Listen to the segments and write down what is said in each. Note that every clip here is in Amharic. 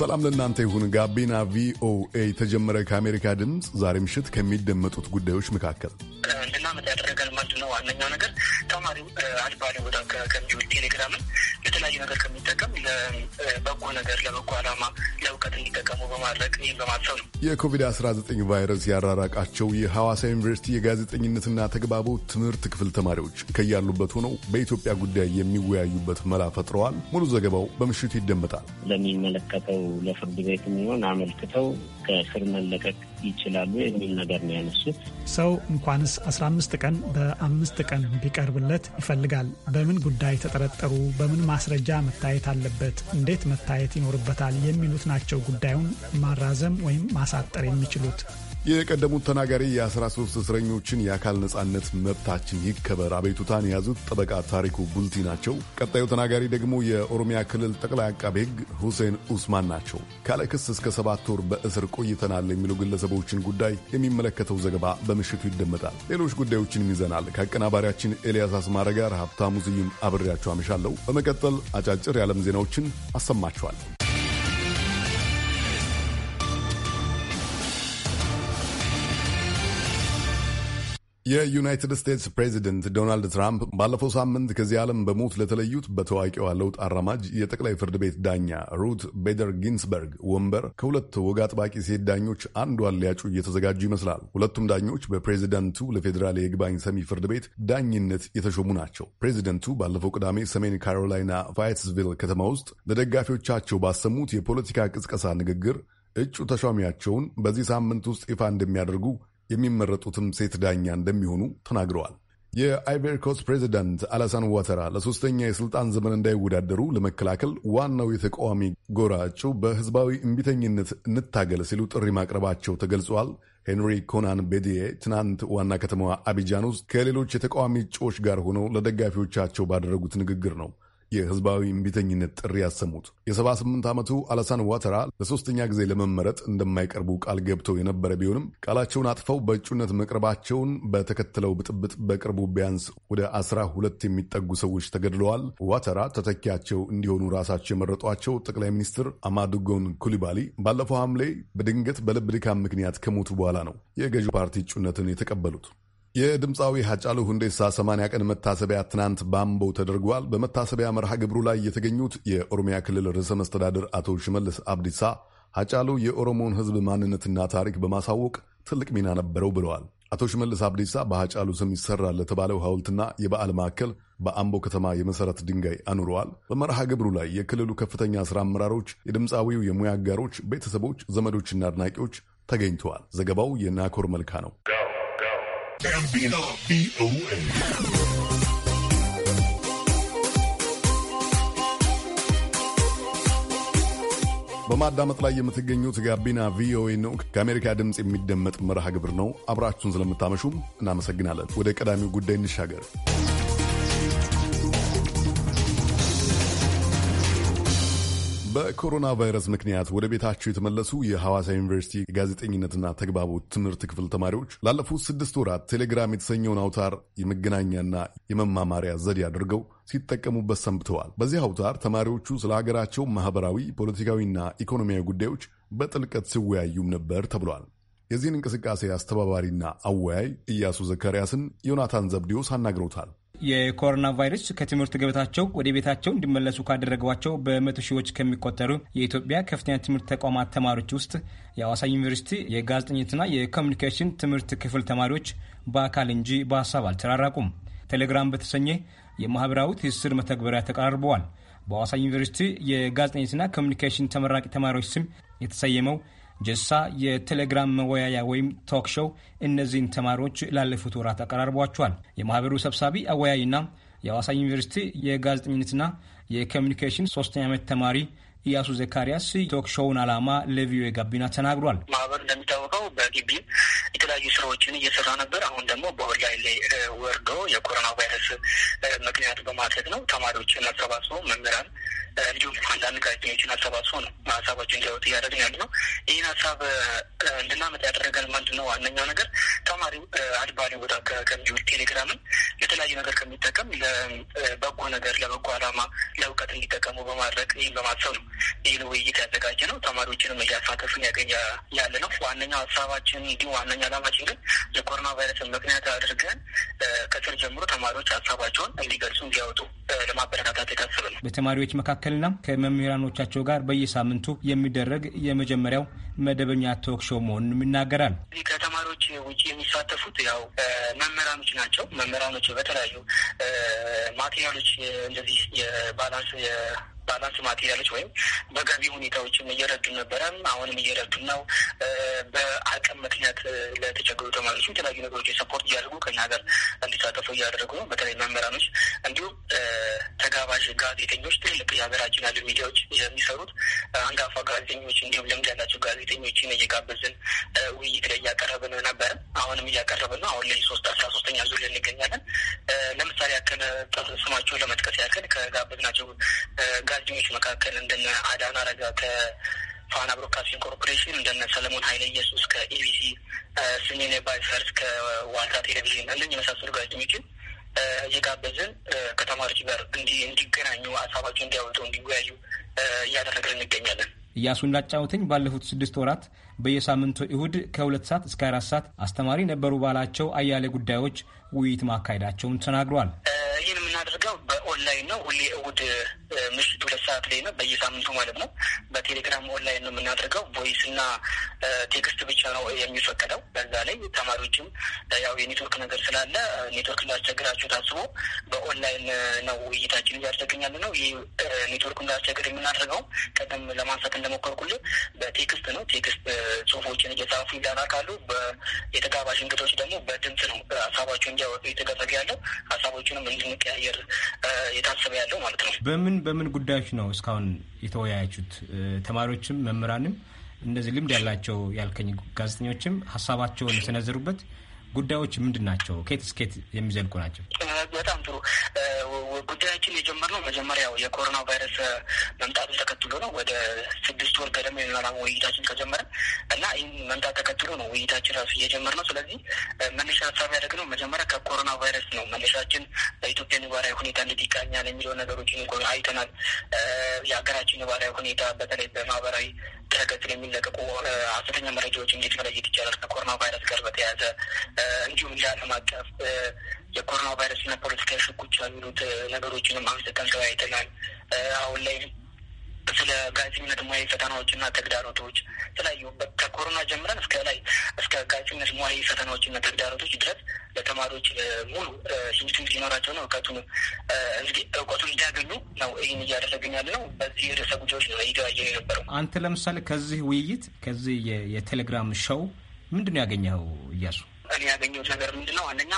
ሰላም ለእናንተ ይሁን። ጋቢና ቪኦኤ የተጀመረ ከአሜሪካ ድምፅ ዛሬ ምሽት ከሚደመጡት ጉዳዮች መካከል እንድናመጣ ያደረገን ምንድን ነው? ዋነኛው ነገር ተማሪው አልባሌ ቦታ ከሚውል ቴሌግራምን የተለያዩ ነገር ከሚጠቀም ለበጎ ነገር፣ ለበጎ አላማ ለእውቀት እንዲጠቀሙ በማድረግ ይህን በማሰብ ነው። የኮቪድ አስራ ዘጠኝ ቫይረስ ያራራቃቸው የሐዋሳ ዩኒቨርሲቲ የጋዜጠኝነትና ተግባቦት ትምህርት ክፍል ተማሪዎች ከያሉበት ሆነው በኢትዮጵያ ጉዳይ የሚወያዩበት መላ ፈጥረዋል። ሙሉ ዘገባው በምሽቱ ይደመጣል። ለሚመለከተው ለፍርድ ቤት የሚሆን አመልክተው ከእስር መለቀቅ ይችላሉ የሚል ነገር ነው ያነሱት። ሰው እንኳንስ 15 ቀን በአምስት ቀን ቢቀርብለት ይፈልጋል። በምን ጉዳይ ተጠረጠሩ፣ በምን ማስረጃ መታየት አለበት፣ እንዴት መታየት ይኖርበታል የሚሉት ናቸው ጉዳዩን ማራዘም ወይም ማሳጠር የሚችሉት። የቀደሙት ተናጋሪ የ13 እስረኞችን የአካል ነጻነት መብታችን ይከበር አቤቱታን የያዙት ጠበቃ ታሪኩ ቡልቲ ናቸው። ቀጣዩ ተናጋሪ ደግሞ የኦሮሚያ ክልል ጠቅላይ አቃቤ ሕግ ሁሴን ኡስማን ናቸው። ካለ ክስ እስከ ሰባት ወር በእስር ቆይተናል የሚሉ ግለሰቦችን ጉዳይ የሚመለከተው ዘገባ በምሽቱ ይደመጣል። ሌሎች ጉዳዮችንም ይዘናል። ከአቀናባሪያችን ኤልያስ አስማረ ጋር ሀብታሙ ስዩም አብሬያቸው አመሻለሁ። በመቀጠል አጫጭር የዓለም ዜናዎችን አሰማችኋል። የዩናይትድ ስቴትስ ፕሬዚደንት ዶናልድ ትራምፕ ባለፈው ሳምንት ከዚህ ዓለም በሞት ለተለዩት በታዋቂዋ ለውጥ አራማጅ የጠቅላይ ፍርድ ቤት ዳኛ ሩት ቤደር ጊንስበርግ ወንበር ከሁለት ወግ አጥባቂ ሴት ዳኞች አንዷን ሊያጩ እየተዘጋጁ ይመስላል። ሁለቱም ዳኞች በፕሬዚደንቱ ለፌዴራል የይግባኝ ሰሚ ፍርድ ቤት ዳኝነት የተሾሙ ናቸው። ፕሬዚደንቱ ባለፈው ቅዳሜ ሰሜን ካሮላይና ፋይትስቪል ከተማ ውስጥ ለደጋፊዎቻቸው ባሰሙት የፖለቲካ ቅስቀሳ ንግግር እጩ ተሿሚያቸውን በዚህ ሳምንት ውስጥ ይፋ እንደሚያደርጉ የሚመረጡትም ሴት ዳኛ እንደሚሆኑ ተናግረዋል። የአይቨርኮስ ፕሬዚዳንት አላሳን ዋተራ ለሶስተኛ የስልጣን ዘመን እንዳይወዳደሩ ለመከላከል ዋናው የተቃዋሚ ጎራ እጩ በህዝባዊ እምቢተኝነት እንታገል ሲሉ ጥሪ ማቅረባቸው ተገልጿል። ሄንሪ ኮናን ቤዲዬ ትናንት ዋና ከተማዋ አቢጃን ውስጥ ከሌሎች የተቃዋሚ እጩዎች ጋር ሆነው ለደጋፊዎቻቸው ባደረጉት ንግግር ነው የህዝባዊ እምቢተኝነት ጥሪ ያሰሙት። የ78 ዓመቱ አላሳን ዋተራ ለሶስተኛ ጊዜ ለመመረጥ እንደማይቀርቡ ቃል ገብተው የነበረ ቢሆንም ቃላቸውን አጥፈው በእጩነት መቅረባቸውን በተከተለው ብጥብጥ በቅርቡ ቢያንስ ወደ አስራ ሁለት የሚጠጉ ሰዎች ተገድለዋል። ዋተራ ተተኪያቸው እንዲሆኑ ራሳቸው የመረጧቸው ጠቅላይ ሚኒስትር አማዱጎን ኩሊባሊ ባለፈው ሐምሌ በድንገት በልብ ድካም ምክንያት ከሞቱ በኋላ ነው የገዢው ፓርቲ እጩነትን የተቀበሉት። የድምፃዊ ሀጫሉ ሁንዴሳ 80 ቀን መታሰቢያ ትናንት በአምቦ ተደርጓል። በመታሰቢያ መርሃ ግብሩ ላይ የተገኙት የኦሮሚያ ክልል ርዕሰ መስተዳድር አቶ ሽመልስ አብዲሳ ሀጫሉ የኦሮሞውን ሕዝብ ማንነትና ታሪክ በማሳወቅ ትልቅ ሚና ነበረው ብለዋል። አቶ ሽመልስ አብዲሳ በሀጫሉ ስም ይሰራ ለተባለው ሐውልትና የበዓል ማዕከል በአምቦ ከተማ የመሠረት ድንጋይ አኑረዋል። በመርሃ ግብሩ ላይ የክልሉ ከፍተኛ ሥራ አመራሮች፣ የድምፃዊው የሙያ አጋሮች፣ ቤተሰቦች፣ ዘመዶችና አድናቂዎች ተገኝተዋል። ዘገባው የናኮር መልካ ነው። በማዳመጥ ላይ የምትገኙት ጋቢና ቪኦኤ ነው። ከአሜሪካ ድምፅ የሚደመጥ መርሃ ግብር ነው። አብራችሁን ስለምታመሹም እናመሰግናለን። ወደ ቀዳሚው ጉዳይ እንሻገር። በኮሮና ቫይረስ ምክንያት ወደ ቤታቸው የተመለሱ የሐዋሳ ዩኒቨርሲቲ ጋዜጠኝነትና ተግባቦት ትምህርት ክፍል ተማሪዎች ላለፉት ስድስት ወራት ቴሌግራም የተሰኘውን አውታር የመገናኛና የመማማሪያ ዘዴ አድርገው ሲጠቀሙበት ሰንብተዋል። በዚህ አውታር ተማሪዎቹ ስለ ሀገራቸው ማህበራዊ፣ ፖለቲካዊና ኢኮኖሚያዊ ጉዳዮች በጥልቀት ሲወያዩም ነበር ተብሏል። የዚህን እንቅስቃሴ አስተባባሪና አወያይ ኢያሱ ዘካርያስን ዮናታን ዘብዲዮስ አናግረውታል። የኮሮና ቫይረስ ከትምህርት ገበታቸው ወደ ቤታቸው እንዲመለሱ ካደረገቸው በመቶ ሺዎች ከሚቆጠሩ የኢትዮጵያ ከፍተኛ ትምህርት ተቋማት ተማሪዎች ውስጥ የአዋሳ ዩኒቨርሲቲ የጋዜጠኝነትና የኮሚኒኬሽን ትምህርት ክፍል ተማሪዎች በአካል እንጂ በሀሳብ አልተራራቁም። ቴሌግራም በተሰኘ የማህበራዊ ትስስር መተግበሪያ ተቀራርበዋል። በአዋሳ ዩኒቨርሲቲ የጋዜጠኝነትና ኮሚኒኬሽን ተመራቂ ተማሪዎች ስም የተሰየመው ጀሳ የቴሌግራም መወያያ ወይም ቶክ ሾው እነዚህን ተማሪዎች ላለፉት ወራት አቀራርቧቸዋል። የማህበሩ ሰብሳቢ አወያይና የአዋሳ ዩኒቨርሲቲ የጋዜጠኝነትና የኮሚኒኬሽን ሶስተኛ ዓመት ተማሪ ኢያሱ ዘካሪያስ ሾውን ዓላማ ለቪኦኤ ጋቢና ተናግሯል። ማህበር እንደሚታወቀው በግቢ የተለያዩ ስራዎችን እየሰራ ነበር። አሁን ደግሞ በኦንላይን ላይ ወርዶ የኮሮና ቫይረስ ምክንያት በማድረግ ነው ተማሪዎችን አሰባስቦ መምህራን እንዲሁም አንዳንድ ጋዜጠኞችን አሰባስቦ ነው ሀሳቦችን እንዲያወጡ እያደረግን ያለ ነው። ይህን ሀሳብ እንድናመጥ ያደረገን ምንድን ነው? ዋነኛው ነገር ተማሪው አድባሪ ቦታ ከሚውል ቴሌግራምን ለተለያዩ ነገር ከሚጠቀም ለበጎ ነገር፣ ለበጎ ዓላማ፣ ለእውቀት እንዲጠቀሙ በማድረግ ይህን በማሰብ ነው። ይህን ውይይት ያዘጋጀ ነው። ተማሪዎችንም እያሳተፍን ያገኘ ያለ ነው። ዋነኛው ሀሳባችን እንዲሁም ዋነኛ ዓላማችን ግን የኮሮና ቫይረስን ምክንያት አድርገን ከስር ጀምሮ ተማሪዎች ሀሳባቸውን እንዲገልጹ እንዲያወጡ ለማበረታታት የታሰበ ነው። በተማሪዎች መካከልና ከመምህራኖቻቸው ጋር በየሳምንቱ የሚደረግ የመጀመሪያው መደበኛ ቶክሾው መሆኑንም ይናገራል። ከተማሪዎች ውጭ የሚሳተፉት ያው መምህራኖች ናቸው። መምህራኖች በተለያዩ ማቴሪያሎች እንደዚህ የባላንስ ባላንስ ማቴሪያሎች ወይም በገቢ ሁኔታዎችም እየረዱ ነበረም፣ አሁንም እየረዱ ነው። በአቅም ምክንያት ለተቸገሩ ተማሪዎችም የተለያዩ ነገሮች ሰፖርት እያደረጉ ከኛ ሀገር እንዲሳተፉ እያደረጉ ነው። በተለይ መምህራኖች፣ እንዲሁም ተጋባዥ ጋዜጠኞች፣ ትልቅ የሀገራችን ያሉ ሚዲያዎች የሚሰሩት አንጋፋ ጋዜጠኞች እንዲሁም ልምድ ያላቸው ጋዜጠኞችን እየጋበዝን ውይይት ላይ እያቀረብን ነበረ። አሁንም እያቀረብን ነው። አሁን ላይ ሶስት አስራ ሶስተኛ ዙር ላይ እንገኛለን። ለምሳሌ ያክል ስማቸውን ለመጥቀስ ያክል ከጋበዝናቸው አዘጋጆች መካከል እንደነ አዳና አረጋ ከፋና ብሮድካስቲንግ ኮርፖሬሽን፣ እንደነ ሰለሞን ሀይለ ኢየሱስ ከኢቢሲ፣ ስሜን ባይፈርስ ከዋልታ ቴሌቪዥን እንደኝ የመሳሰሉ ጋዜጠኞችን እየጋበዝን ከተማሪዎች ጋር እንዲገናኙ ሀሳባቸው እንዲያወጡ እንዲወያዩ እያደረግን እንገኛለን። እያሱ ላጫውተኝ ባለፉት ስድስት ወራት በየሳምንቱ እሁድ ከሁለት ሰዓት እስከ አራት ሰዓት አስተማሪ ነበሩ ባላቸው አያሌ ጉዳዮች ውይይት ማካሄዳቸውን ተናግሯል። ኦንላይን ነው። ሁሌ እሑድ ምሽት ሁለት ሰዓት ላይ ነው፣ በየሳምንቱ ማለት ነው። በቴሌግራም ኦንላይን ነው የምናደርገው። ቮይስ እና ቴክስት ብቻ ነው የሚፈቀደው። በዛ ላይ ተማሪዎችም ያው የኔትወርክ ነገር ስላለ ኔትወርክ እንዳስቸግራቸው ታስቦ በኦንላይን ነው ውይይታችን እያደረግኛል ነው። ይህ ኔትወርክ እንዳስቸግር የምናደርገው ቀደም ለማንሳት እንደሞከርኩል በቴክስት ነው። ቴክስት ጽሁፎችን እየጻፉ ይላላካሉ። የተጋባዥ እንግዶች ደግሞ በድምፅ ነው ሀሳባቸው እንዲያወጡ እየተደረገ ያለው ሀሳቦቹንም እንድንቀያየር የታሰበ ያለው ማለት ነው። በምን በምን ጉዳዮች ነው እስካሁን የተወያያችሁት? ተማሪዎችም መምህራንም እንደዚህ ልምድ ያላቸው ያልከኝ ጋዜጠኞችም ሀሳባቸውን የሰነዘሩበት ጉዳዮች ምንድን ናቸው? ኬት እስኬት የሚዘልቁ ናቸው? በጣም ጥሩ ጉዳያችን የጀመርነው መጀመሪያው የኮሮና ቫይረስ መምጣቱን ተከትሎ ነው። ወደ ስድስት ወር ገደማ የሚመራ ውይይታችን ከጀመረ እና ይህን መምጣት ተከትሎ ነው ውይይታችን ራሱ እየጀመርነው። ስለዚህ መነሻ ሀሳብ ያደረግነው መጀመሪያ ከኮሮና ቫይረስ ነው። መነሻችን በኢትዮጵያ ነባራዊ ሁኔታ እንዴት ይቃኛል የሚለው ነገሮችን አይተናል። የሀገራችን ነባራዊ ሁኔታ በተለይ በማህበራዊ ድረገጽ የሚለቀቁ ሐሰተኛ መረጃዎች እንዴት መለየት ይቻላል ከኮሮና ቫይረስ ጋር በተያያዘ እንዲሁም ለዓለም አቀፍ የኮሮና ቫይረስ እና ፖለቲካ ሽኩች ያሉት ነገሮችንም አንስተን ተወያይተናል። አሁን ላይ ስለ ጋዜጠኝነት ፈተናዎች እና ተግዳሮቶች የተለያዩ ከኮሮና ጀምረን እስከ ላይ እስከ ጋዜጠኝነት ፈተናዎች እና ተግዳሮቶች ድረስ ለተማሪዎች ሙሉ ትምህርት ሊኖራቸው ነው እውቀቱን እንግዲህ እውቀቱን እንዲያገኙ ነው ይህን እያደረግን ያለ ነው። በዚህ ርዕሰ ጉዳዮች ነው እየተወያየ የነበረው። አንተ ለምሳሌ ከዚህ ውይይት ከዚህ የቴሌግራም ሸው ምንድን ነው ያገኘኸው እያሱ? እኔ ያገኘሁት ነገር ምንድን ነው? አንደኛ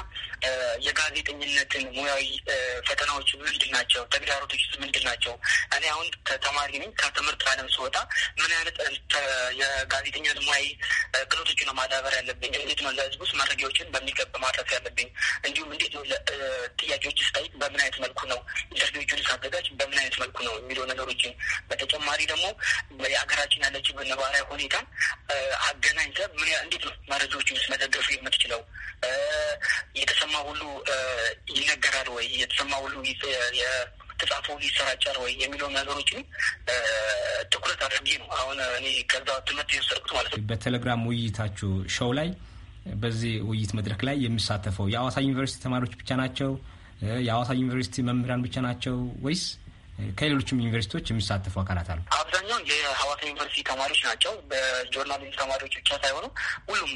የጋዜጠኝነትን ሙያዊ ፈተናዎቹ ምንድን ናቸው? ተግዳሮቶች ምንድን ናቸው? እኔ አሁን ተማሪ ነኝ። ከትምህርት ዓለም ስወጣ ምን አይነት የጋዜጠኝነት ሙያዊ ክህሎቶች ነው ማዳበር ያለብኝ? እንዴት ነው ለህዝብ ውስጥ መረጃዎችን በሚገባ ማድረስ ያለብኝ? እንዲሁም እንዴት ነው ጥያቄዎች ስጠይቅ በምን አይነት መልኩ ነው ኢንተርቪዎቹን ሳዘጋጅ በምን አይነት መልኩ ነው የሚለው ነገሮችን በተጨማሪ ደግሞ የሀገራችን ያለችው ነባራዊ ሁኔታ አገናኝተ ምን እንዴት ነው መረጃዎችን ስመደገፉ የምትችል የምችለው? የተሰማ ሁሉ ይነገራል ወይ? የተሰማ ሁሉ ተጻፎ ይሰራጫል ወይ የሚለው ነገሮችን ትኩረት አድርጌ ነው አሁን እኔ ከዛ ትምህርት የወሰድኩት ማለት ነው። በቴሌግራም ውይይታችሁ ሸው ላይ በዚህ ውይይት መድረክ ላይ የሚሳተፈው የአዋሳ ዩኒቨርሲቲ ተማሪዎች ብቻ ናቸው? የአዋሳ ዩኒቨርሲቲ መምህራን ብቻ ናቸው ወይስ ከሌሎችም ዩኒቨርሲቲዎች የሚሳተፉ አካላት አሉ። አብዛኛውን የሀዋሳ ዩኒቨርሲቲ ተማሪዎች ናቸው። በጆርናሊዝም ተማሪዎች ብቻ ሳይሆኑ ሁሉም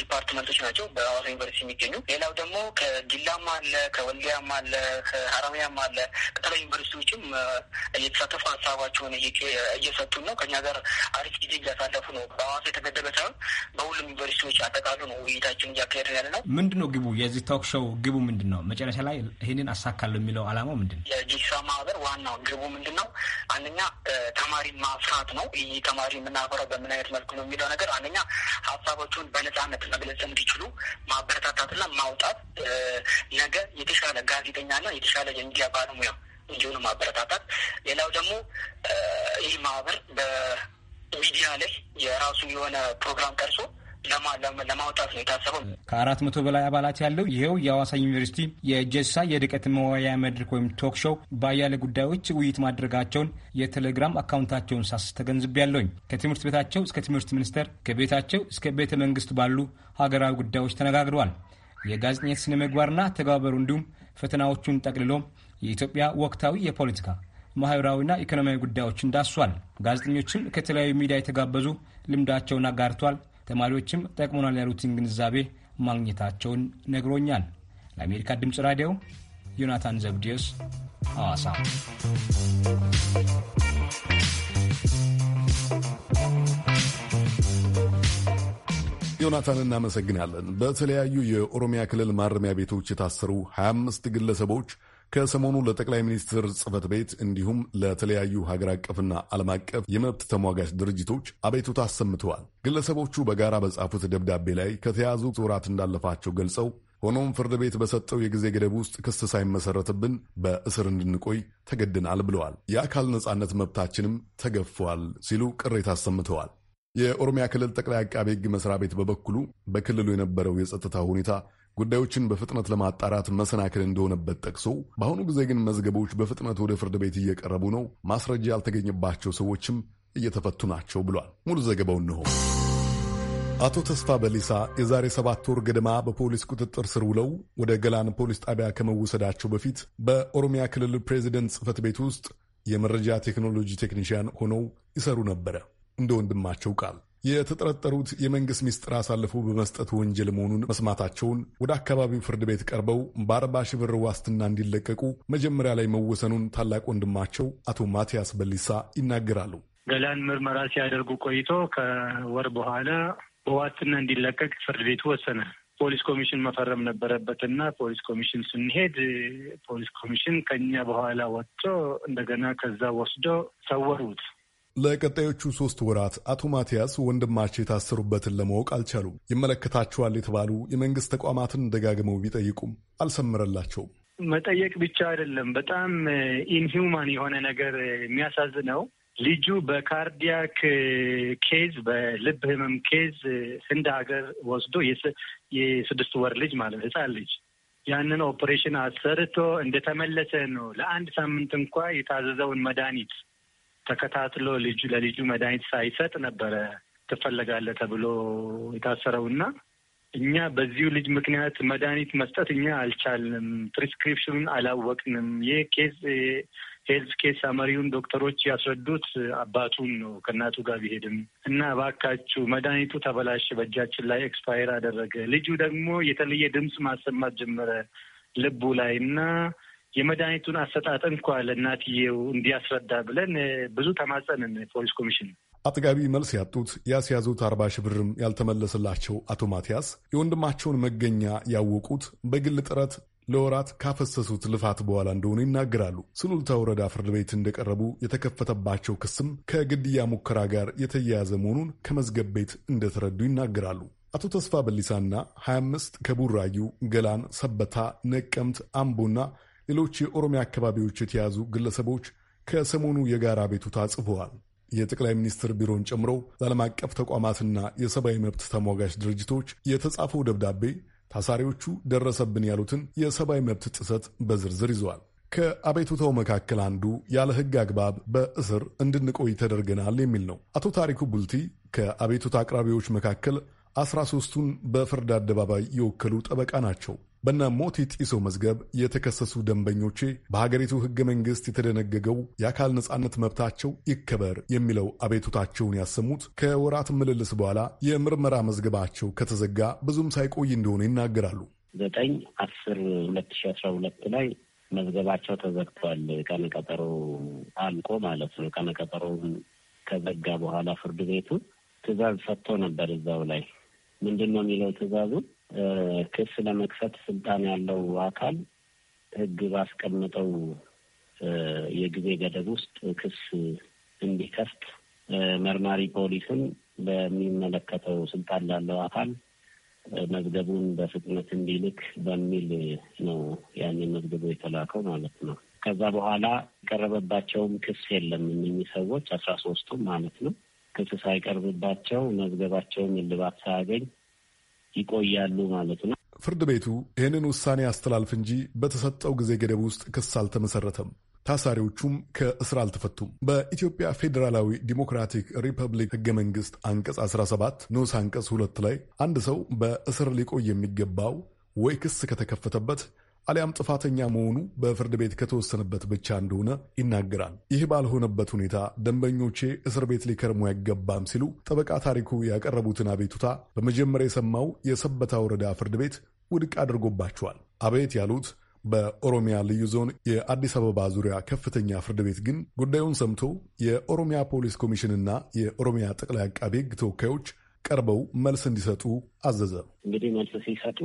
ዲፓርትመንቶች ናቸው በሀዋሳ ዩኒቨርሲቲ የሚገኙ። ሌላው ደግሞ ከጊላም አለ፣ ከወልዲያም አለ፣ ከሀረማያም አለ። ከተለያዩ ዩኒቨርሲቲዎችም እየተሳተፉ ሀሳባቸውን እየሰጡ ነው። ከኛ ጋር አሪፍ ጊዜ እያሳለፉ ነው። በሀዋሳ የተገደበ ሳይሆን በሁሉም ዩኒቨርሲቲዎች አጠቃሉ ነው ውይይታችን እያካሄድ ያለ ነው። ምንድን ነው ግቡ የዚህ ቶክ ሾው ግቡ ምንድን ነው? መጨረሻ ላይ ይህንን አሳካለሁ የሚለው አላማው ምንድን ነው? የጂሳ ማህበር ዋና ነው። ግቡ ምንድን ነው? አንደኛ ተማሪ ማፍራት ነው። ይህ ተማሪ የምናፈራው በምን አይነት መልኩ ነው የሚለው ነገር አንደኛ ሀሳቦቹን በነጻነት መግለጽ እንዲችሉ ማበረታታትና ማውጣት፣ ነገ የተሻለ ጋዜጠኛና የተሻለ የሚዲያ ባለሙያ እንዲሆኑ ማበረታታት። ሌላው ደግሞ ይህ ማህበር በሚዲያ ላይ የራሱ የሆነ ፕሮግራም ቀርሶ። ለማውጣት ነው የታሰበው። ከአራት መቶ በላይ አባላት ያለው ይኸው የአዋሳ ዩኒቨርሲቲ የጀሳ የድቀት መወያያ መድረክ ወይም ቶክ ሾው በአያሌ ጉዳዮች ውይይት ማድረጋቸውን የቴሌግራም አካውንታቸውን ሳስ ተገንዝብ ያለውኝ ከትምህርት ቤታቸው እስከ ትምህርት ሚኒስቴር ከቤታቸው እስከ ቤተ መንግስት ባሉ ሀገራዊ ጉዳዮች ተነጋግረዋል። የጋዜጠኝነት ስነ ምግባርና ተገባበሩ እንዲሁም ፈተናዎቹን ጠቅልሎ የኢትዮጵያ ወቅታዊ የፖለቲካ ማህበራዊና ኢኮኖሚያዊ ጉዳዮችን ዳሷል። ጋዜጠኞችም ከተለያዩ ሚዲያ የተጋበዙ ልምዳቸውን አጋርቷል። ተማሪዎችም ጠቅሞናል ያሉትን ግንዛቤ ማግኘታቸውን ነግሮኛል። ለአሜሪካ ድምፅ ራዲዮ ዮናታን ዘብዲዮስ ሐዋሳ። ዮናታን እናመሰግናለን። በተለያዩ የኦሮሚያ ክልል ማረሚያ ቤቶች የታሰሩ 25 ግለሰቦች ከሰሞኑ ለጠቅላይ ሚኒስትር ጽህፈት ቤት እንዲሁም ለተለያዩ ሀገር አቀፍና ዓለም አቀፍ የመብት ተሟጋች ድርጅቶች አቤቱታ አሰምተዋል። ግለሰቦቹ በጋራ በጻፉት ደብዳቤ ላይ ከተያዙ ወራት እንዳለፋቸው ገልጸው ሆኖም ፍርድ ቤት በሰጠው የጊዜ ገደብ ውስጥ ክስ ሳይመሰረትብን በእስር እንድንቆይ ተገድናል ብለዋል። የአካል ነጻነት መብታችንም ተገፏል ሲሉ ቅሬታ አሰምተዋል። የኦሮሚያ ክልል ጠቅላይ አቃቤ ሕግ መስሪያ ቤት በበኩሉ በክልሉ የነበረው የጸጥታ ሁኔታ ጉዳዮችን በፍጥነት ለማጣራት መሰናክል እንደሆነበት ጠቅሶ በአሁኑ ጊዜ ግን መዝገቦች በፍጥነት ወደ ፍርድ ቤት እየቀረቡ ነው፣ ማስረጃ ያልተገኘባቸው ሰዎችም እየተፈቱ ናቸው ብሏል። ሙሉ ዘገባው እንሆ። አቶ ተስፋ በሊሳ የዛሬ ሰባት ወር ገደማ በፖሊስ ቁጥጥር ስር ውለው ወደ ገላን ፖሊስ ጣቢያ ከመወሰዳቸው በፊት በኦሮሚያ ክልል ፕሬዚደንት ጽህፈት ቤት ውስጥ የመረጃ ቴክኖሎጂ ቴክኒሽያን ሆነው ይሰሩ ነበረ። እንደ ወንድማቸው ቃል የተጠረጠሩት የመንግስት ሚስጥር አሳልፎ በመስጠት ወንጀል መሆኑን መስማታቸውን ወደ አካባቢው ፍርድ ቤት ቀርበው በአርባ ሺህ ብር ዋስትና እንዲለቀቁ መጀመሪያ ላይ መወሰኑን ታላቅ ወንድማቸው አቶ ማቲያስ በሊሳ ይናገራሉ። ገላን ምርመራ ሲያደርጉ ቆይቶ ከወር በኋላ በዋስትና እንዲለቀቅ ፍርድ ቤቱ ወሰነ። ፖሊስ ኮሚሽን መፈረም ነበረበት እና ፖሊስ ኮሚሽን ስንሄድ ፖሊስ ኮሚሽን ከኛ በኋላ ወጥቶ እንደገና ከዛ ወስዶ ሰወሩት። ለቀጣዮቹ ሶስት ወራት አቶ ማቲያስ ወንድማቸው የታሰሩበትን ለማወቅ አልቻሉም። ይመለከታቸዋል የተባሉ የመንግስት ተቋማትን ደጋግመው ቢጠይቁም አልሰምረላቸውም። መጠየቅ ብቻ አይደለም፣ በጣም ኢንሂውማን የሆነ ነገር የሚያሳዝነው ልጁ በካርዲያክ ኬዝ በልብ ህመም ኬዝ ህንድ ሀገር ወስዶ የስድስት ወር ልጅ ማለት ህፃን ልጅ ያንን ኦፕሬሽን አሰርቶ እንደተመለሰ ነው ለአንድ ሳምንት እንኳ የታዘዘውን መድኃኒት ተከታትሎ ልጁ ለልጁ መድኃኒት ሳይሰጥ ነበረ ትፈለጋለህ ተብሎ የታሰረው እና እኛ በዚሁ ልጅ ምክንያት መድኃኒት መስጠት እኛ አልቻልንም። ፕሪስክሪፕሽኑን አላወቅንም። ይህ ኬስ ሄልዝ ኬስ አመሪውን ዶክተሮች ያስረዱት አባቱን ነው ከእናቱ ጋር ቢሄድም እና እባካችሁ መድኃኒቱ ተበላሸ፣ በእጃችን ላይ ኤክስፓየር አደረገ። ልጁ ደግሞ የተለየ ድምፅ ማሰማት ጀመረ ልቡ ላይ እና የመድኃኒቱን አሰጣጥ እንኳ ለእናትየው እንዲያስረዳ ብለን ብዙ ተማጸንን ፖሊስ ኮሚሽን። አጥጋቢ መልስ ያጡት ያስያዙት አርባ ሺህ ብርም ያልተመለሰላቸው አቶ ማቲያስ የወንድማቸውን መገኛ ያወቁት በግል ጥረት ለወራት ካፈሰሱት ልፋት በኋላ እንደሆነ ይናገራሉ። ስሉልታ ወረዳ ፍርድ ቤት እንደቀረቡ የተከፈተባቸው ክስም ከግድያ ሙከራ ጋር የተያያዘ መሆኑን ከመዝገብ ቤት እንደተረዱ ይናገራሉ። አቶ ተስፋ በሊሳና 25 ከቡራዩ፣ ገላን፣ ሰበታ፣ ነቀምት፣ አምቦና ሌሎች የኦሮሚያ አካባቢዎች የተያዙ ግለሰቦች ከሰሞኑ የጋራ ቤቱታ ጽፈዋል። የጠቅላይ ሚኒስትር ቢሮን ጨምሮ ለዓለም አቀፍ ተቋማትና የሰብአዊ መብት ተሟጋች ድርጅቶች የተጻፈው ደብዳቤ ታሳሪዎቹ ደረሰብን ያሉትን የሰብአዊ መብት ጥሰት በዝርዝር ይዘዋል። ከአቤቱታው መካከል አንዱ ያለ ሕግ አግባብ በእስር እንድንቆይ ተደርገናል የሚል ነው። አቶ ታሪኩ ቡልቲ ከአቤቱታ አቅራቢዎች መካከል አስራ ሶስቱን በፍርድ አደባባይ የወከሉ ጠበቃ ናቸው። በና ሞቲ ጢሶ መዝገብ የተከሰሱ ደንበኞቼ በሀገሪቱ ህገ መንግስት የተደነገገው የአካል ነጻነት መብታቸው ይከበር የሚለው አቤቱታቸውን ያሰሙት ከወራት ምልልስ በኋላ የምርመራ መዝገባቸው ከተዘጋ ብዙም ሳይቆይ እንደሆነ ይናገራሉ። ዘጠኝ አስር ሁለት ሺ አስራ ሁለት ላይ መዝገባቸው ተዘግቷል። ቀነቀጠሮ አልቆ ማለት ነው። ቀነቀጠሮውን ከዘጋ በኋላ ፍርድ ቤቱ ትእዛዝ ሰጥቶ ነበር። እዛው ላይ ምንድን ነው የሚለው ትዕዛዙ ክስ ለመክፈት ስልጣን ያለው አካል ህግ ባስቀመጠው የጊዜ ገደብ ውስጥ ክስ እንዲከፍት መርማሪ ፖሊስም በሚመለከተው ስልጣን ላለው አካል መዝገቡን በፍጥነት እንዲልክ በሚል ነው ያንን መዝገቡ የተላከው ማለት ነው። ከዛ በኋላ የቀረበባቸውም ክስ የለም። እነኚህ ሰዎች አስራ ሶስቱም ማለት ነው ክስ ሳይቀርብባቸው መዝገባቸውም እልባት ሳያገኝ ይቆያሉ ማለት ነው። ፍርድ ቤቱ ይህንን ውሳኔ አስተላልፍ እንጂ በተሰጠው ጊዜ ገደብ ውስጥ ክስ አልተመሰረተም። ታሳሪዎቹም ከእስር አልተፈቱም። በኢትዮጵያ ፌዴራላዊ ዲሞክራቲክ ሪፐብሊክ ህገ መንግስት አንቀጽ 17 ንዑስ አንቀጽ 2 ላይ አንድ ሰው በእስር ሊቆይ የሚገባው ወይ ክስ ከተከፈተበት አሊያም ጥፋተኛ መሆኑ በፍርድ ቤት ከተወሰነበት ብቻ እንደሆነ ይናገራል። ይህ ባልሆነበት ሁኔታ ደንበኞቼ እስር ቤት ሊከርሙ አይገባም ሲሉ ጠበቃ ታሪኩ ያቀረቡትን አቤቱታ በመጀመሪያ የሰማው የሰበታ ወረዳ ፍርድ ቤት ውድቅ አድርጎባቸዋል። አቤት ያሉት በኦሮሚያ ልዩ ዞን የአዲስ አበባ ዙሪያ ከፍተኛ ፍርድ ቤት ግን ጉዳዩን ሰምቶ የኦሮሚያ ፖሊስ ኮሚሽንና የኦሮሚያ ጠቅላይ አቃቤ ሕግ ተወካዮች ቀርበው መልስ እንዲሰጡ አዘዘ። እንግዲህ መልስ ሲሰጡ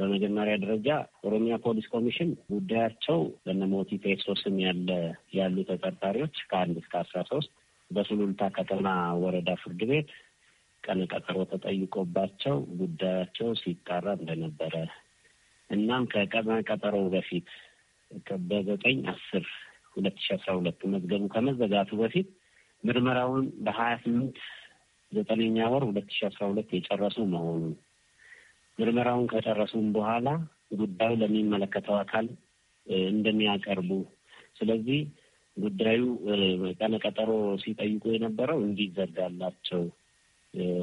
በመጀመሪያ ደረጃ ኦሮሚያ ፖሊስ ኮሚሽን ጉዳያቸው በነሞቲ ቴሶ ስም ያለ ያሉ ተጠርጣሪዎች ከአንድ እስከ አስራ ሶስት በሱሉልታ ከተማ ወረዳ ፍርድ ቤት ቀነ ቀጠሮ ተጠይቆባቸው ጉዳያቸው ሲጣራ እንደነበረ እናም ከቀነ ቀጠሮው በፊት በዘጠኝ አስር ሁለት ሺ አስራ ሁለት መዝገቡ ከመዘጋቱ በፊት ምርመራውን በሀያ ስምንት ዘጠነኛ ወር ሁለት ሺ አስራ ሁለት የጨረሱ መሆኑን ምርመራውን ከጨረሱም በኋላ ጉዳዩ ለሚመለከተው አካል እንደሚያቀርቡ ስለዚህ ጉዳዩ ቀነ ቀጠሮ ሲጠይቁ የነበረው እንዲዘጋላቸው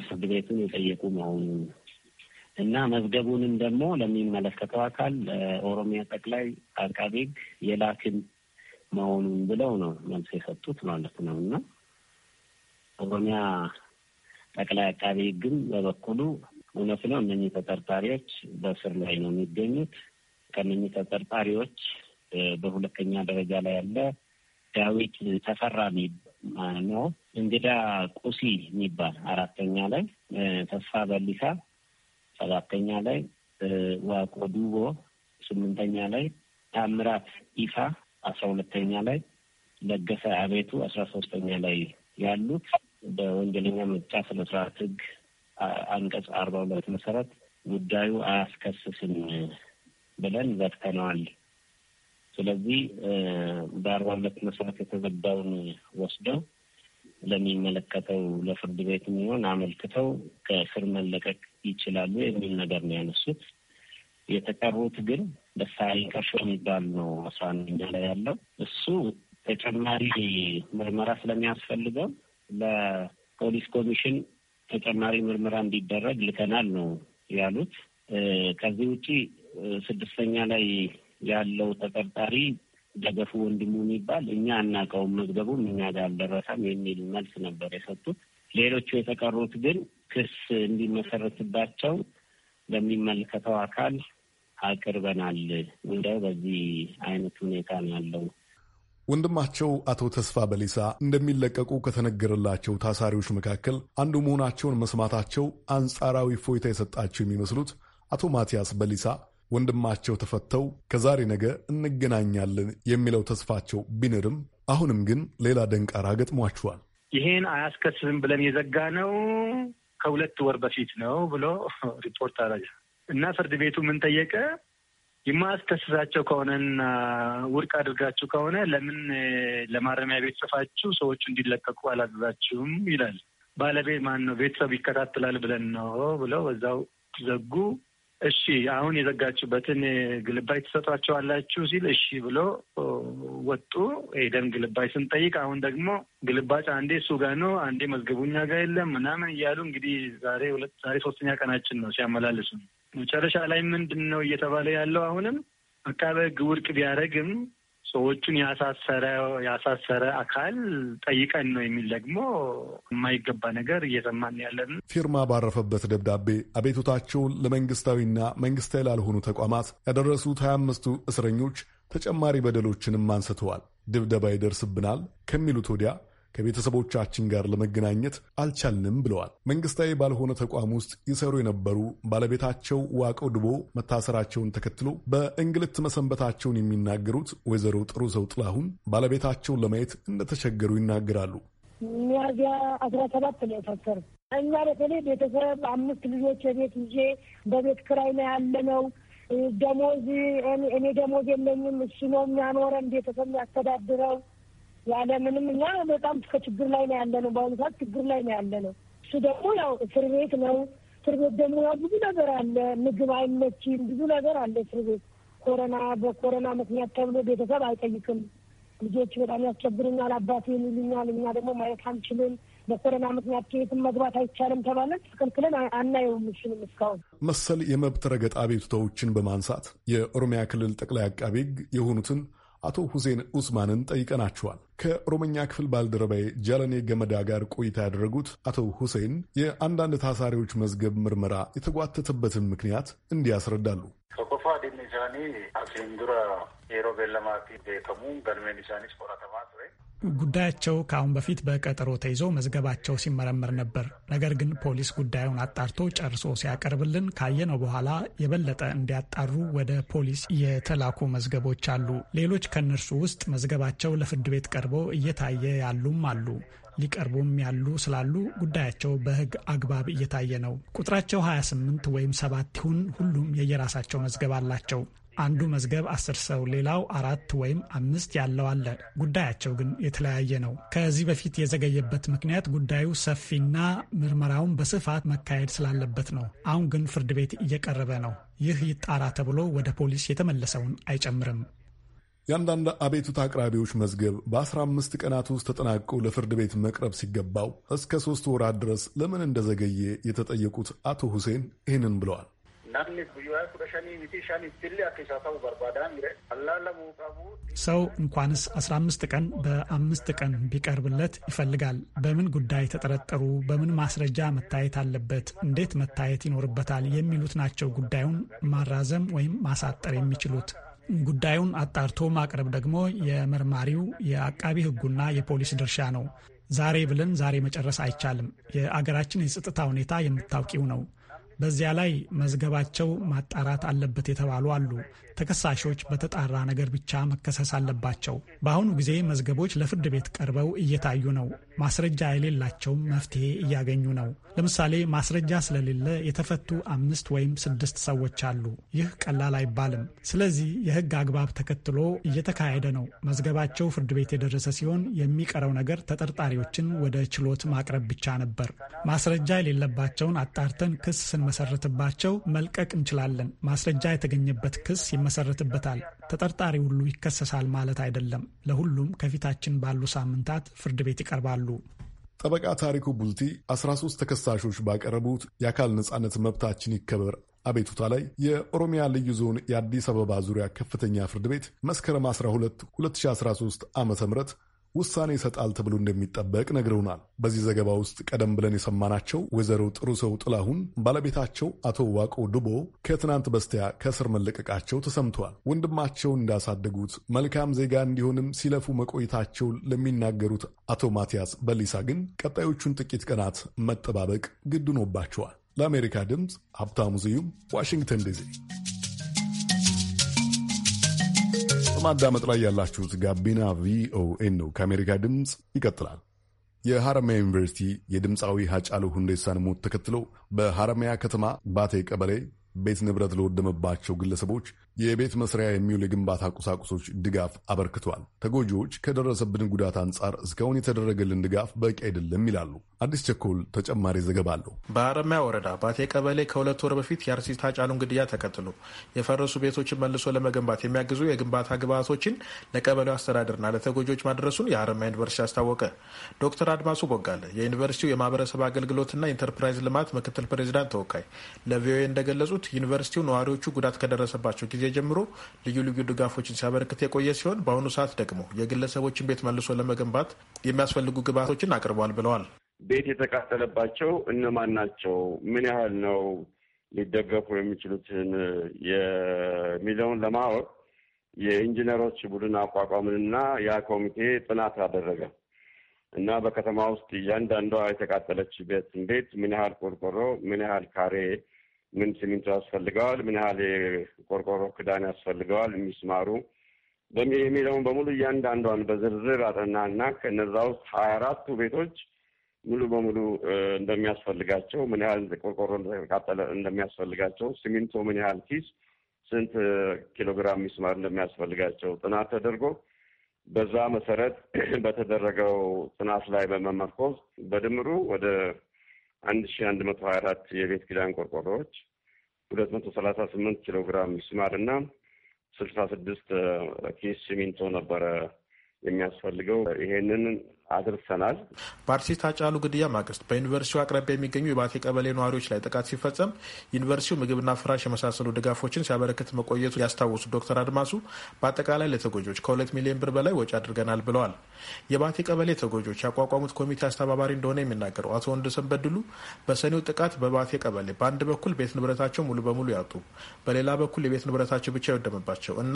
ፍርድ ቤቱን የጠየቁ መሆኑን እና መዝገቡንም ደግሞ ለሚመለከተው አካል ለኦሮሚያ ጠቅላይ አቃቤ ሕግ የላክን መሆኑን ብለው ነው መልስ የሰጡት ማለት ነው። እና ኦሮሚያ ጠቅላይ አቃቤ ሕግም በበኩሉ እውነት ነው። እነኚህ ተጠርጣሪዎች በእስር ላይ ነው የሚገኙት። ከነኚህ ተጠርጣሪዎች በሁለተኛ ደረጃ ላይ ያለ ዳዊት ተፈራ ነው። እንግዳ ቁሲ የሚባል አራተኛ ላይ፣ ተስፋ በሊሳ ሰባተኛ ላይ፣ ዋቆ ዱቦ ስምንተኛ ላይ፣ ታምራት ኢፋ አስራ ሁለተኛ ላይ፣ ለገሰ አቤቱ አስራ ሶስተኛ ላይ ያሉት በወንጀለኛ መቅጫ ስነ ህግ አንቀጽ አርባ ሁለት መሰረት ጉዳዩ አያስከስስም ብለን ዘግተነዋል። ስለዚህ በአርባ ሁለት መሰረት የተዘጋውን ወስደው ለሚመለከተው ለፍርድ ቤት የሚሆን አመልክተው ከእስር መለቀቅ ይችላሉ የሚል ነገር ነው ያነሱት። የተቀሩት ግን ደሳለኝ ከሾ የሚባል ነው አስራ አንደኛ ላይ ያለው እሱ ተጨማሪ ምርመራ ስለሚያስፈልገው ለፖሊስ ኮሚሽን ተጨማሪ ምርመራ እንዲደረግ ልከናል ነው ያሉት። ከዚህ ውጪ ስድስተኛ ላይ ያለው ተጠርጣሪ ደገፉ ወንድሙ የሚባል እኛ አናውቀውም፣ መዝገቡም እኛ ጋር አልደረሰም የሚል መልስ ነበር የሰጡት። ሌሎቹ የተቀሩት ግን ክስ እንዲመሰረትባቸው ለሚመለከተው አካል አቅርበናል። እንደው በዚህ አይነት ሁኔታ ነው ያለው ወንድማቸው አቶ ተስፋ በሊሳ እንደሚለቀቁ ከተነገረላቸው ታሳሪዎች መካከል አንዱ መሆናቸውን መስማታቸው አንጻራዊ ፎይታ የሰጣቸው የሚመስሉት አቶ ማቲያስ በሊሳ ወንድማቸው ተፈተው ከዛሬ ነገ እንገናኛለን የሚለው ተስፋቸው ቢንርም አሁንም ግን ሌላ ደንቃራ ገጥሟቸዋል። ይሄን አያስከስብም ብለን የዘጋ ነው ከሁለት ወር በፊት ነው ብሎ ሪፖርት አረገ እና ፍርድ ቤቱ ምን ጠየቀ? የማያስከስሳቸው ከሆነና ውድቅ አድርጋችሁ ከሆነ ለምን ለማረሚያ ቤት ጽፋችሁ ሰዎቹ እንዲለቀቁ አላዘዛችሁም ይላል። ባለቤት ማን ነው? ቤተሰብ ይከታተላል ብለን ነው ብለው በዛው ዘጉ። እሺ አሁን የዘጋችሁበትን ግልባጭ ትሰጧቸዋላችሁ ሲል እሺ ብሎ ወጡ። ሄደን ግልባጭ ስንጠይቅ አሁን ደግሞ ግልባጭ አንዴ እሱ ጋ ነው፣ አንዴ መዝገቡኛ ጋር የለም ምናምን እያሉ እንግዲህ ዛሬ ሁለት ዛሬ ሶስተኛ ቀናችን ነው ሲያመላልሱ ነው መጨረሻ ላይ ምንድን ነው እየተባለ ያለው? አሁንም አቃቤ ሕግ ውድቅ ቢያደርግም ሰዎቹን ያሳሰረ ያሳሰረ አካል ጠይቀን ነው የሚል ደግሞ የማይገባ ነገር እየሰማን ያለን። ፊርማ ባረፈበት ደብዳቤ አቤቱታቸውን ለመንግስታዊና መንግስታዊ ላልሆኑ ተቋማት ያደረሱት ሀያ አምስቱ እስረኞች ተጨማሪ በደሎችንም አንስተዋል። ድብደባ ይደርስብናል ከሚሉት ወዲያ ከቤተሰቦቻችን ጋር ለመገናኘት አልቻልንም ብለዋል። መንግስታዊ ባልሆነ ተቋም ውስጥ ይሰሩ የነበሩ ባለቤታቸው ዋቀው ድቦ መታሰራቸውን ተከትሎ በእንግልት መሰንበታቸውን የሚናገሩት ወይዘሮ ጥሩ ሰው ጥላሁን ባለቤታቸውን ለማየት እንደተቸገሩ ይናገራሉ። ሚያዚያ አስራ ሰባት ነው የታሰሩ እኛ በተለይ ቤተሰብ አምስት ልጆች የቤት ይዤ በቤት ክራይ ነው ያለ ነው። ደሞዝ እኔ ደሞዝ የለኝም። እሱ ነው የሚያኖረን ቤተሰብ የሚያስተዳድረው ያለ ምንም እኛ በጣም ከችግር ላይ ነው ያለ ነው። በአሁኑ ሰዓት ችግር ላይ ነው ያለ ነው። እሱ ደግሞ ያው እስር ቤት ነው። እስር ቤት ደግሞ ያው ብዙ ነገር አለ። ምግብ አይመችም፣ ብዙ ነገር አለ እስር ቤት። ኮረና በኮረና ምክንያት ተብሎ ቤተሰብ አይጠይቅም። ልጆች በጣም ያስቸግሩኛል፣ አባቴ ይሉኛል፣ እኛ ደግሞ ማየት አንችልም። በኮረና ምክንያት ከየትም መግባት አይቻልም ተባለን ተከልክለን አናየውም። እሱንም እስካሁን መሰል የመብት ረገጣ አቤቱታዎችን በማንሳት የኦሮሚያ ክልል ጠቅላይ አቃቤ ሕግ የሆኑትን አቶ ሁሴን ኡስማንን ጠይቀናቸዋል። ከኦሮመኛ ክፍል ባልደረባዬ ጃለኔ ገመዳ ጋር ቆይታ ያደረጉት አቶ ሁሴን የአንዳንድ ታሳሪዎች መዝገብ ምርመራ የተጓተተበትን ምክንያት እንዲህ ያስረዳሉ። ቶኮፋዲን ገልሜን ኢሳኒስ ጉዳያቸው ከአሁን በፊት በቀጠሮ ተይዞ መዝገባቸው ሲመረመር ነበር። ነገር ግን ፖሊስ ጉዳዩን አጣርቶ ጨርሶ ሲያቀርብልን ካየነው በኋላ የበለጠ እንዲያጣሩ ወደ ፖሊስ የተላኩ መዝገቦች አሉ። ሌሎች ከእነርሱ ውስጥ መዝገባቸው ለፍርድ ቤት ቀርበው እየታየ ያሉም አሉ። ሊቀርቡም ያሉ ስላሉ ጉዳያቸው በሕግ አግባብ እየታየ ነው። ቁጥራቸው 28 ወይም ሰባት ይሁን፣ ሁሉም የየራሳቸው መዝገብ አላቸው። አንዱ መዝገብ አስር ሰው ሌላው አራት ወይም አምስት ያለው አለ። ጉዳያቸው ግን የተለያየ ነው። ከዚህ በፊት የዘገየበት ምክንያት ጉዳዩ ሰፊና ምርመራውን በስፋት መካሄድ ስላለበት ነው። አሁን ግን ፍርድ ቤት እየቀረበ ነው። ይህ ይጣራ ተብሎ ወደ ፖሊስ የተመለሰውን አይጨምርም። የአንዳንድ አቤቱታ አቅራቢዎች መዝገብ በ15 ቀናት ውስጥ ተጠናቆ ለፍርድ ቤት መቅረብ ሲገባው እስከ ሦስት ወራት ድረስ ለምን እንደዘገየ የተጠየቁት አቶ ሁሴን ይህንን ብለዋል። ሰው እንኳንስ 15 አምስት ቀን በአምስት ቀን ቢቀርብለት ይፈልጋል። በምን ጉዳይ ተጠረጠሩ፣ በምን ማስረጃ መታየት አለበት፣ እንዴት መታየት ይኖርበታል የሚሉት ናቸው ጉዳዩን ማራዘም ወይም ማሳጠር የሚችሉት። ጉዳዩን አጣርቶ ማቅረብ ደግሞ የመርማሪው የአቃቢ ሕጉና የፖሊስ ድርሻ ነው። ዛሬ ብለን ዛሬ መጨረስ አይቻልም። የአገራችን የጸጥታ ሁኔታ የምታውቂው ነው። በዚያ ላይ መዝገባቸው ማጣራት አለበት የተባሉ አሉ። ተከሳሾች በተጣራ ነገር ብቻ መከሰስ አለባቸው። በአሁኑ ጊዜ መዝገቦች ለፍርድ ቤት ቀርበው እየታዩ ነው። ማስረጃ የሌላቸውም መፍትሄ እያገኙ ነው። ለምሳሌ ማስረጃ ስለሌለ የተፈቱ አምስት ወይም ስድስት ሰዎች አሉ። ይህ ቀላል አይባልም። ስለዚህ የህግ አግባብ ተከትሎ እየተካሄደ ነው። መዝገባቸው ፍርድ ቤት የደረሰ ሲሆን የሚቀረው ነገር ተጠርጣሪዎችን ወደ ችሎት ማቅረብ ብቻ ነበር። ማስረጃ የሌለባቸውን አጣርተን ክስ ስንመሰርትባቸው መልቀቅ እንችላለን። ማስረጃ የተገኘበት ክስ ይመሰረትበታል። ተጠርጣሪ ሁሉ ይከሰሳል ማለት አይደለም። ለሁሉም ከፊታችን ባሉ ሳምንታት ፍርድ ቤት ይቀርባሉ። ጠበቃ ታሪኩ ቡልቲ 13 ተከሳሾች ባቀረቡት የአካል ነጻነት መብታችን ይከበር አቤቱታ ላይ የኦሮሚያ ልዩ ዞን የአዲስ አበባ ዙሪያ ከፍተኛ ፍርድ ቤት መስከረም 12 2013 ዓ ም ውሳኔ ይሰጣል ተብሎ እንደሚጠበቅ ነግረውናል። በዚህ ዘገባ ውስጥ ቀደም ብለን የሰማናቸው ወይዘሮ ጥሩ ሰው ጥላሁን ባለቤታቸው አቶ ዋቆ ዱቦ ከትናንት በስቲያ ከእስር መለቀቃቸው ተሰምተዋል። ወንድማቸው እንዳሳደጉት መልካም ዜጋ እንዲሆንም ሲለፉ መቆየታቸው ለሚናገሩት አቶ ማቲያስ በሊሳ ግን ቀጣዮቹን ጥቂት ቀናት መጠባበቅ ግድ ሆኖባቸዋል። ለአሜሪካ ድምፅ ሀብታሙ ስዩም ዋሽንግተን ዲሲ በማዳመጥ ላይ ያላችሁት ጋቢና ቪኦኤን ነው። ከአሜሪካ ድምፅ ይቀጥላል። የሐረማያ ዩኒቨርሲቲ የድምፃዊ ሀጫሉ ሁንዴሳን ሞት ተከትሎ በሐረማያ ከተማ ባቴ ቀበሌ ቤት ንብረት ለወደመባቸው ግለሰቦች የቤት መስሪያ የሚውል የግንባታ ቁሳቁሶች ድጋፍ አበርክቷል። ተጎጂዎች ከደረሰብን ጉዳት አንጻር እስካሁን የተደረገልን ድጋፍ በቂ አይደለም ይላሉ። አዲስ ቸኮል ተጨማሪ ዘገባ አለው። በአረሚያ ወረዳ ባቴ ቀበሌ ከሁለት ወር በፊት የአርሲ ታጫሉን ግድያ ተከትሎ የፈረሱ ቤቶችን መልሶ ለመገንባት የሚያግዙ የግንባታ ግብዓቶችን ለቀበሌው አስተዳደርና ለተጎጂዎች ማድረሱን የአረሚያ ዩኒቨርሲቲ አስታወቀ። ዶክተር አድማሱ ቦጋለ የዩኒቨርሲቲው የማህበረሰብ አገልግሎትና ኢንተርፕራይዝ ልማት ምክትል ፕሬዚዳንት ተወካይ ለቪኦኤ እንደገለጹት ዩኒቨርሲቲው ነዋሪዎቹ ጉዳት ከደረሰባቸው ጊዜ ጊዜ ጀምሮ ልዩ ልዩ ድጋፎችን ሲያበረክት የቆየ ሲሆን በአሁኑ ሰዓት ደግሞ የግለሰቦችን ቤት መልሶ ለመገንባት የሚያስፈልጉ ግብዓቶችን አቅርቧል ብለዋል። ቤት የተቃጠለባቸው እነማን ናቸው? ምን ያህል ነው ሊደገፉ የሚችሉትን የሚለውን ለማወቅ የኢንጂነሮች ቡድን አቋቋምንና ያ ኮሚቴ ጥናት አደረገ እና በከተማ ውስጥ እያንዳንዷ የተቃጠለች ቤት ምን ያህል ቆርቆሮ፣ ምን ያህል ካሬ ምን ሲሚንቶ ያስፈልገዋል፣ ምን ያህል የቆርቆሮ ክዳን ያስፈልገዋል፣ የሚስማሩ የሚለውን በሙሉ እያንዳንዷን በዝርዝር አጠናና ከነዛ ውስጥ ሀያ አራቱ ቤቶች ሙሉ በሙሉ እንደሚያስፈልጋቸው ምን ያህል ቆርቆሮ እንደተቃጠለ እንደሚያስፈልጋቸው፣ ሲሚንቶ ምን ያህል ኪስ፣ ስንት ኪሎግራም ሚስማር እንደሚያስፈልጋቸው ጥናት ተደርጎ በዛ መሰረት በተደረገው ጥናት ላይ በመመርኮዝ በድምሩ ወደ አንድ ሺ አንድ መቶ ሀያ አራት የቤት ኪዳን ቆርቆሮዎች፣ ሁለት መቶ ሰላሳ ስምንት ኪሎ ግራም ሚስማር እና ስልሳ ስድስት ኪስ ሲሚንቶ ነበረ የሚያስፈልገው። ይሄንን አድርሰናል። በአርቲስት አጫሉ ግድያ ማግስት በዩኒቨርሲቲው አቅራቢያ የሚገኙ የባቴ ቀበሌ ነዋሪዎች ላይ ጥቃት ሲፈጸም ዩኒቨርሲቲው ምግብና ፍራሽ የመሳሰሉ ድጋፎችን ሲያበረክት መቆየቱ ያስታወሱት ዶክተር አድማሱ በአጠቃላይ ለተጎጆች ከሁለት ሚሊዮን ብር በላይ ወጪ አድርገናል ብለዋል። የባቴ ቀበሌ ተጎጆች ያቋቋሙት ኮሚቴ አስተባባሪ እንደሆነ የሚናገረው አቶ ወንድሰን በድሉ በሰኔው ጥቃት በባቴ ቀበሌ በአንድ በኩል ቤት ንብረታቸው ሙሉ በሙሉ ያጡ፣ በሌላ በኩል የቤት ንብረታቸው ብቻ የወደመባቸው እና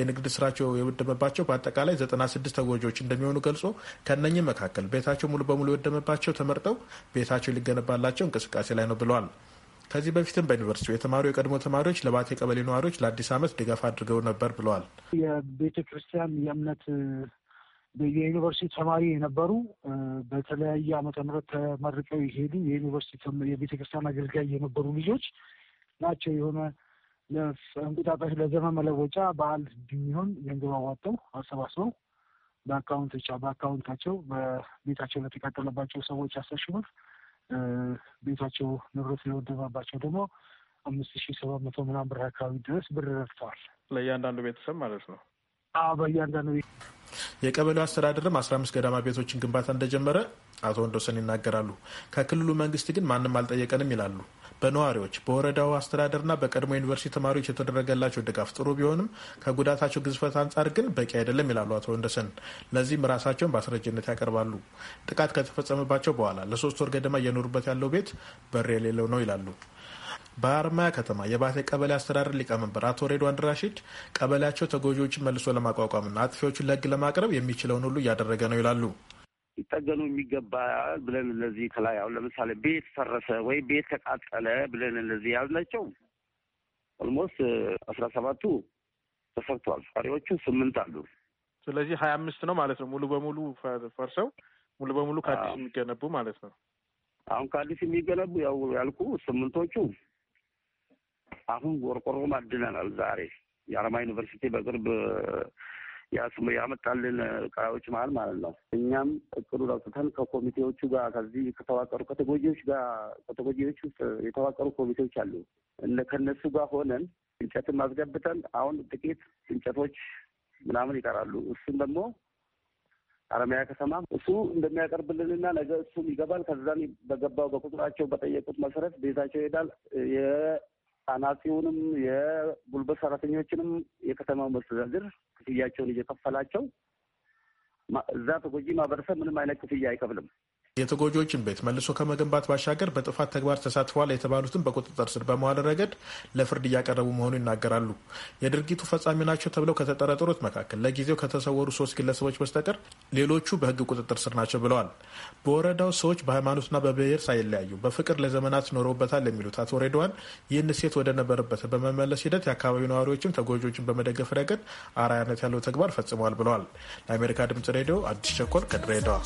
የንግድ ስራቸው የወደመባቸው በአጠቃላይ 96 ተጎጆች እንደሚሆኑ ገልጾ ከነ ከእነኚህ መካከል ቤታቸው ሙሉ በሙሉ የወደመባቸው ተመርጠው ቤታቸው ሊገነባላቸው እንቅስቃሴ ላይ ነው ብለዋል። ከዚህ በፊትም በዩኒቨርሲቲው የተማሩ የቀድሞ ተማሪዎች ለባቴ ቀበሌ ነዋሪዎች ለአዲስ ዓመት ድጋፍ አድርገው ነበር ብለዋል። የቤተ ክርስቲያን የእምነት የዩኒቨርሲቲ ተማሪ የነበሩ በተለያየ ዓመተ ምህረት ተመርቀው የሄዱ የዩኒቨርሲቲ የቤተ ክርስቲያን አገልጋይ የነበሩ ልጆች ናቸው። የሆነ እንቁጣጣሽ ለዘመን መለወጫ በዓል ሚሆን ገንዘብ አዋጠው አሰባስበው በአካውንት ብቻ በአካውንታቸው በቤታቸው ለተቃጠለባቸው ሰዎች አስር ብር ቤታቸው ንብረት ለወደመባቸው ደግሞ አምስት ሺ ሰባት መቶ ምናምን ብር አካባቢ ድረስ ብር ረድተዋል። ለእያንዳንዱ ቤተሰብ ማለት ነው። አዎ በእያንዳንዱ የቀበሌው አስተዳደርም አስራ አምስት ገዳማ ቤቶችን ግንባታ እንደጀመረ አቶ ወንዶሰን ይናገራሉ። ከክልሉ መንግስት ግን ማንም አልጠየቀንም ይላሉ። በነዋሪዎች በወረዳው አስተዳደርና በቀድሞ ዩኒቨርሲቲ ተማሪዎች የተደረገላቸው ድጋፍ ጥሩ ቢሆንም ከጉዳታቸው ግዝፈት አንጻር ግን በቂ አይደለም ይላሉ አቶ ወንደሰን። ለዚህም ራሳቸውን በአስረጅነት ያቀርባሉ። ጥቃት ከተፈጸመባቸው በኋላ ለሶስት ወር ገደማ እየኖሩበት ያለው ቤት በር የሌለው ነው ይላሉ። በአርማያ ከተማ የባቴ ቀበሌ አስተዳደር ሊቀመንበር አቶ ሬድዋን ራሺድ ቀበሌያቸው ተጎጂዎችን መልሶ ለማቋቋምና አጥፊዎቹን ለሕግ ለማቅረብ የሚችለውን ሁሉ እያደረገ ነው ይላሉ። ሊጠገኑ የሚገባ ብለን እነዚህ ከላይ አሁን ለምሳሌ ቤት ፈረሰ ወይም ቤት ተቃጠለ ብለን እነዚህ ያልናቸው ኦልሞስት አስራ ሰባቱ ተሰርቷል። ፈሪዎቹ ስምንት አሉ። ስለዚህ ሀያ አምስት ነው ማለት ነው ሙሉ በሙሉ ፈርሰው ሙሉ በሙሉ ከአዲስ የሚገነቡ ማለት ነው። አሁን ከአዲስ የሚገነቡ ያው ያልኩ ስምንቶቹ አሁን ቆርቆሮ ማድነናል። ዛሬ የአረማ ዩኒቨርሲቲ በቅርብ ያመጣልን እቃዎች መሀል ማለት ነው። እኛም እቅዱ አውጥተን ከኮሚቴዎቹ ጋር ከዚህ ከተዋቀሩ ከተጎጂዎች ጋር ከተጎጂዎች ውስጥ የተዋቀሩ ኮሚቴዎች አሉ። ከነሱ ጋር ሆነን እንጨትን ማስገብተን አሁን ጥቂት እንጨቶች ምናምን ይቀራሉ። እሱም ደግሞ አረሚያ ከተማ እሱ እንደሚያቀርብልንና ነገ እሱም ይገባል። ከዛም በገባው በቁጥራቸው በጠየቁት መሰረት ቤታቸው ይሄዳል። አናጺውንም የጉልበት ሰራተኞችንም የከተማው መስተዳድር ክፍያቸውን እየከፈላቸው እዛ ተጎጂ ማህበረሰብ ምንም አይነት ክፍያ አይከፍልም። የተጎጂዎችን ቤት መልሶ ከመገንባት ባሻገር በጥፋት ተግባር ተሳትፈዋል የተባሉትን በቁጥጥር ስር በመዋል ረገድ ለፍርድ እያቀረቡ መሆኑ ይናገራሉ። የድርጊቱ ፈጻሚ ናቸው ተብለው ከተጠረጠሩት መካከል ለጊዜው ከተሰወሩ ሶስት ግለሰቦች በስተቀር ሌሎቹ በህግ ቁጥጥር ስር ናቸው ብለዋል። በወረዳው ሰዎች በሃይማኖትና በብሔር ሳይለያዩ በፍቅር ለዘመናት ኖረውበታል የሚሉት አቶ ሬድዋን ይህን ሴት ነበረበት በመመለስ ሂደት የአካባቢው ነዋሪዎችም ተጎጂዎችን በመደገፍ ረገድ አርአያነት ያለው ተግባር ፈጽመዋል ብለዋል። ለአሜሪካ ድምጽ ሬዲዮ አዲስ ቸኮል ከድሬዳዋ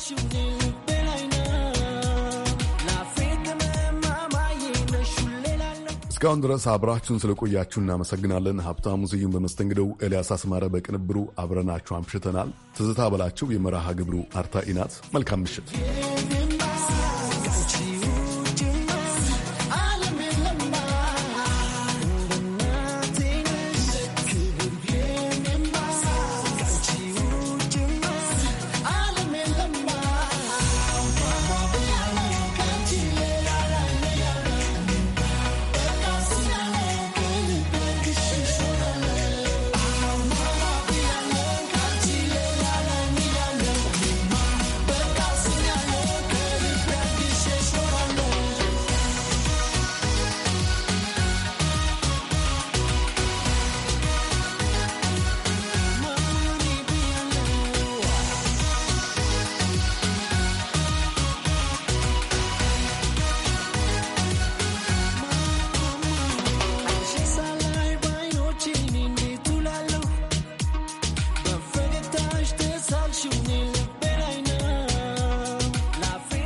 እስካሁን ድረስ አብራችሁን ስለቆያችሁ እናመሰግናለን። ሀብታሙ ስዩም በመስተንግደው፣ ኤልያስ አስማረ በቅንብሩ አብረናችሁ አምሽተናል። ትዝታ በላቸው የመርሃ ግብሩ አርታኢ ናት። መልካም ምሽት።